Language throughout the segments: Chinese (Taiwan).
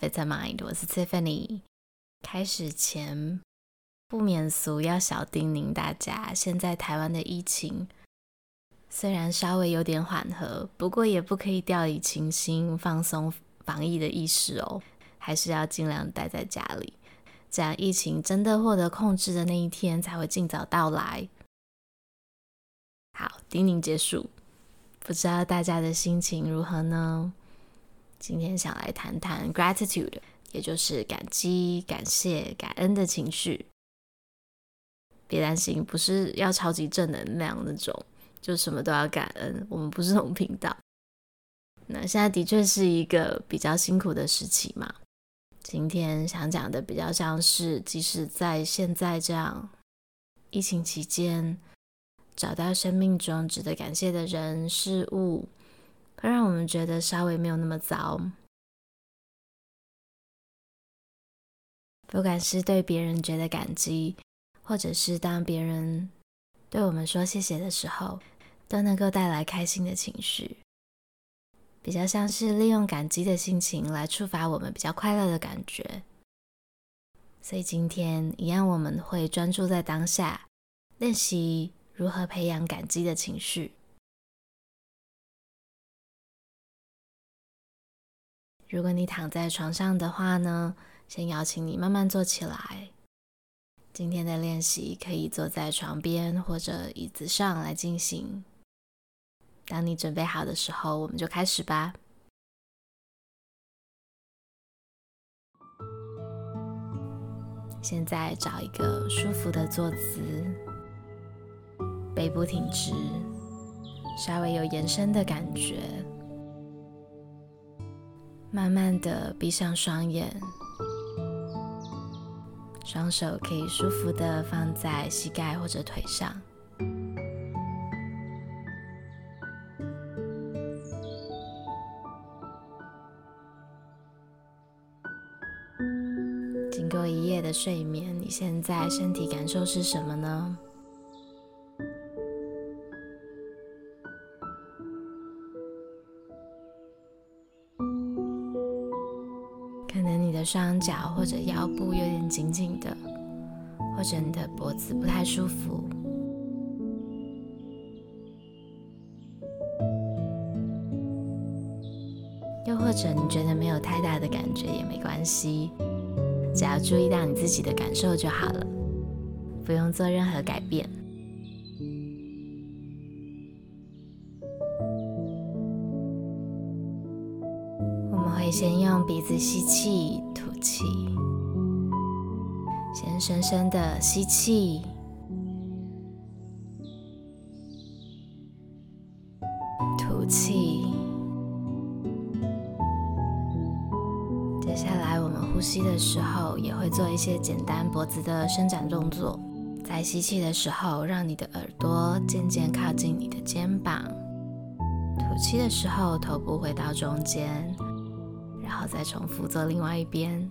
Vitamind，我是 Tiffany。開始前不免俗，要小叮嚀大家：現在台灣的疫情雖然稍微有點緩和，不過也不可以掉以輕心，放鬆防疫的意識哦。還是要盡量待在家裡，這樣疫情真的獲得控制的那一天才會盡早到來。好，叮嚀結束，不知道大家的心情如何呢？今天想來談談 gratitude，也就是感激、感謝、感恩的情緒。別擔心，不是要超級正能量那樣那種，就什麼都要感恩。我們不是同頻道。那現在的確是一個比較辛苦的時期嘛。今天想講的比較像是，即使在現在這樣疫情期間，找到生命中值得感謝的人事物。會讓我們覺得稍微沒有那麼糟。不管是對別人覺得感激，或者是當別人對我們說謝謝的時候，都能夠帶來開心的情緒。比較像是利用感激的心情來觸發我們比較快樂的感覺。所以今天一樣，我們會專注在當下，練習如何培養感激的情緒。如果你躺在床上的話呢，先邀請你慢慢坐起來。今天的練習可以坐在床邊或者椅子上來進行。當你準備好的時候，我們就開始吧。現在找一個舒服的坐姿，背部挺直，稍微有延伸的感覺。慢慢的閉上雙眼，雙手可以舒服的放在膝蓋或者腿上。經過一夜的睡眠，你現在身體感受是什麼呢？可能你的雙腳或者腰部有點緊緊的，或者你的脖子不太舒服。又或者你覺得沒有太大的感覺也沒關係，只要注意到你自己的感受就好了，不用做任何改變。先用鼻子吸氣、吐氣。先深深的吸氣、吐氣。接下來我們呼吸的時候，也會做一些簡單脖子的伸展動作。在吸氣的時候，讓你的耳朵漸漸靠近你的肩膀；吐氣的時候，頭部回到中間。然後再重複做另外一邊。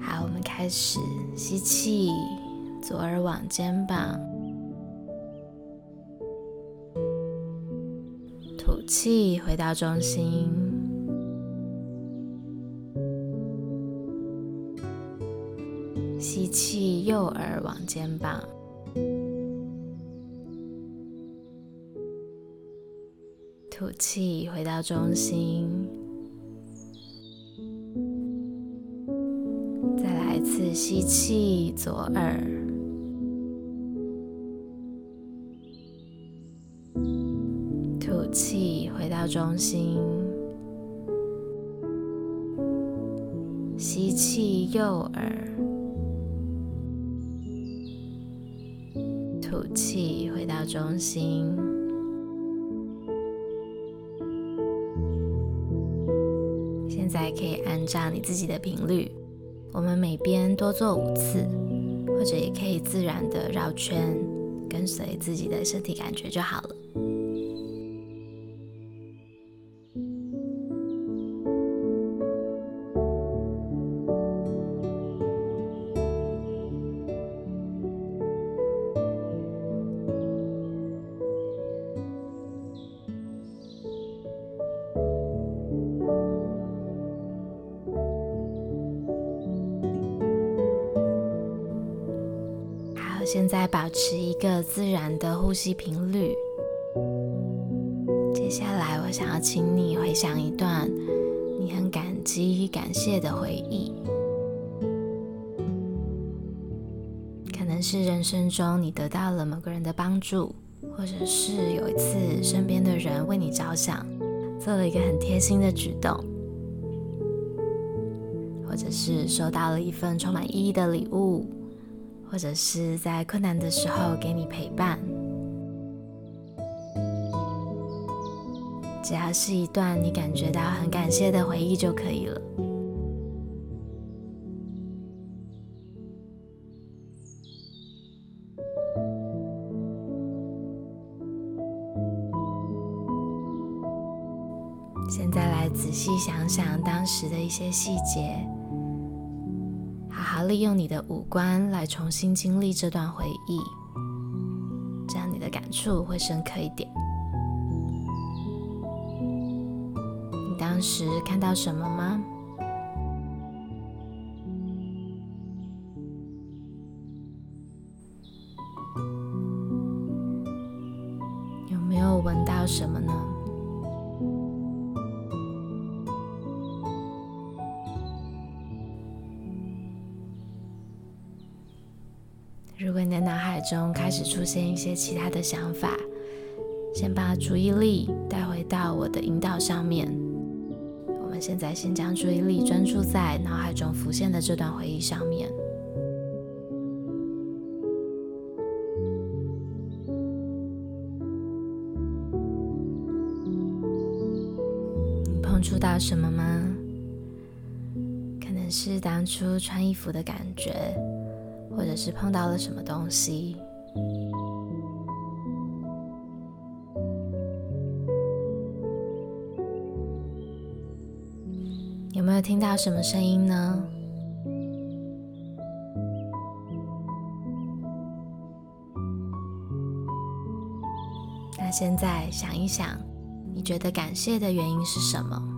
好，我們開始，吸氣，左耳往肩膀，吐氣，回到中心。吸氣，右耳往肩膀。吐氣，回到中心。再來一次，吸氣，左耳。吐氣，回到中心。吸氣，右耳。吐氣，回到中心。現在可以按照你自己的頻率，我們每邊多做五次，或者也可以自然的繞圈，跟隨自己的身體感覺就好了。現在保持一個自然的呼吸頻率。接下來，我想要請你回想一段你很感激與感謝的回憶，可能是人生中你得到了某個人的幫助，或者是有一次身邊的人為你着想，做了一個很貼心的舉動，或者是收到了一份充滿意義的禮物。或者是在困難的時候給你陪伴，只要是一段你感覺到很感謝的回憶就可以了。現在來仔細想想當時的一些細節。而利用你的五官來重新經歷這段回憶，這樣你的感觸會深刻一點。你當時看到什麼嗎？如果你的腦海中開始出現一些其他的想法，先把注意力帶回到我的引導上面。我們現在先將注意力專注在腦海中浮現的這段回憶上面。你碰觸到什麼嗎？可能是當初穿衣服的感覺。或者是碰到了什麼東西，有沒有聽到什麼聲音呢？那現在想一想，你覺得感謝的原因是什麼？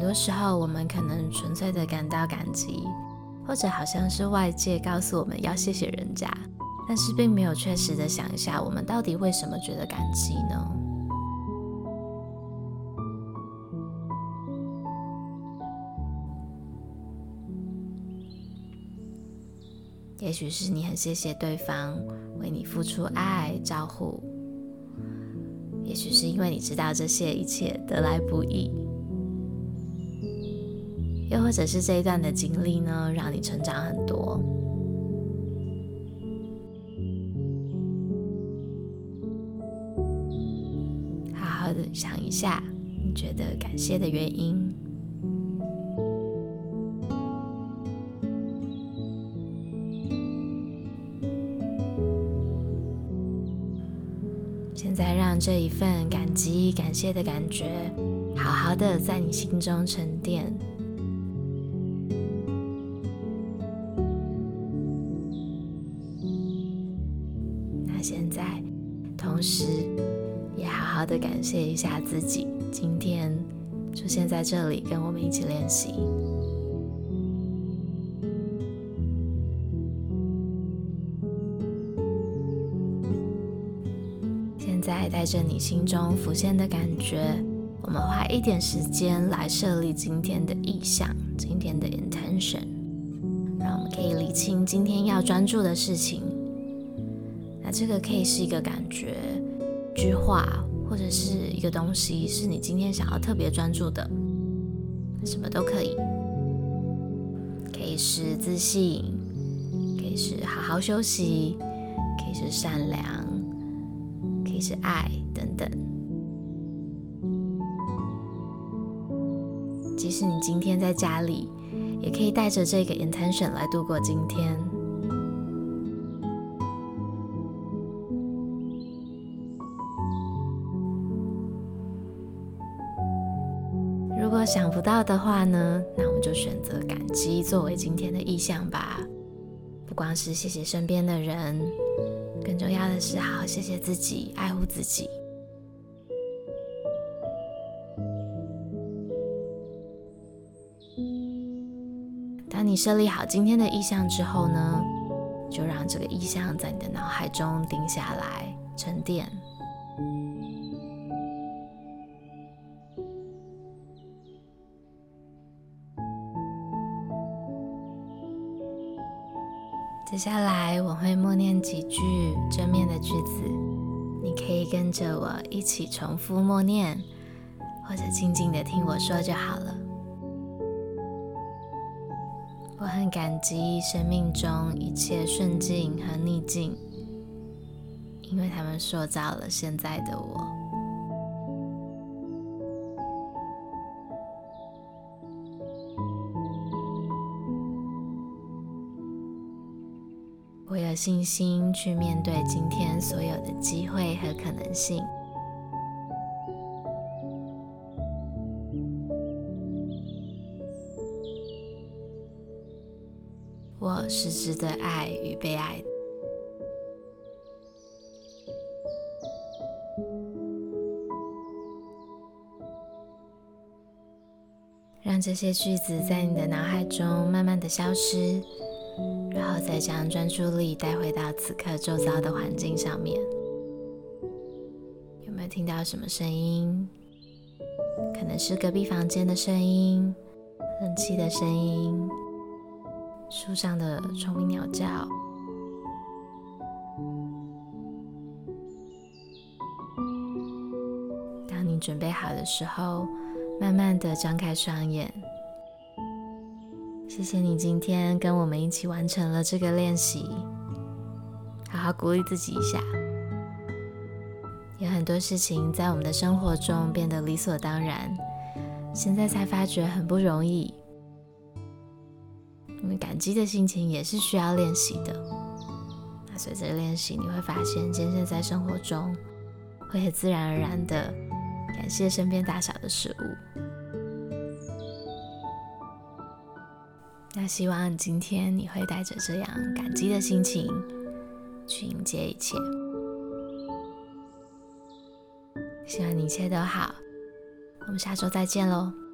很多時候，我們可能純粹的感到感激，或者好像是外界告訴我們要謝謝人家，但是並沒有確實的想一下，我們到底為什麼覺得感激呢？也許是你很謝謝對方為你付出愛、照顧，也許是因為你知道這些一切得來不易。又或者是這一段的經歷呢，讓你成長很多。好好的想一下，你覺得感謝的原因。現在讓這一份感激、感謝的感覺，好好的在你心中沉澱。現在，同時，也好好的感謝一下自己，今天出現在這裡，跟我們一起練習。現在，帶着你心中浮現的感覺，我們花一點時間來設立今天的意向，今天的 intention，讓我們可以理清今天要專注的事情。啊、這個可以是一個感覺、句話，或者是一個東西，是你今天想要特別專注的，什麼都可以。可以是自信，可以是好好休息，可以是善良，可以是愛等等。即使你今天在家裡，也可以帶着這個 intention 來度過今天。不到的話呢，那我們就選擇感激作為今天的意向吧。不光是謝謝身邊的人，更重要的是好好謝謝自己，愛護自己。當你設立好今天的意向之後呢，就讓這個意向在你的腦海中定下來，沉澱。接下來我會默念幾句正面的句子，你可以跟着我一起重複默念，或者靜靜地聽我說就好了。我很感激生命中一切順境和逆境，因為他們塑造了現在的我。我有信心去面對今天所有的機會和可能性。我是值得愛與被愛。讓這些句子在你的腦海中慢慢的消失。然後再將專注力帶回到此刻周遭的環境上面，有沒有聽到什麼聲音？可能是隔壁房間的聲音、冷氣的聲音、樹上的蟲鳴鳥叫。當你準備好的時候，慢慢的張開雙眼。謝謝你今天跟我們一起完成了這個練習，好好鼓勵自己一下。有很多事情在我們的生活中變得理所當然，現在才發覺很不容易。我們感激的心情也是需要練習的，那隨着練習，你會發現漸漸在生活中會很自然而然地感謝身邊大小的事物。那希望今天你會帶着這樣感激的心情去迎接一切。希望你一切都好，我們下週再見嘍。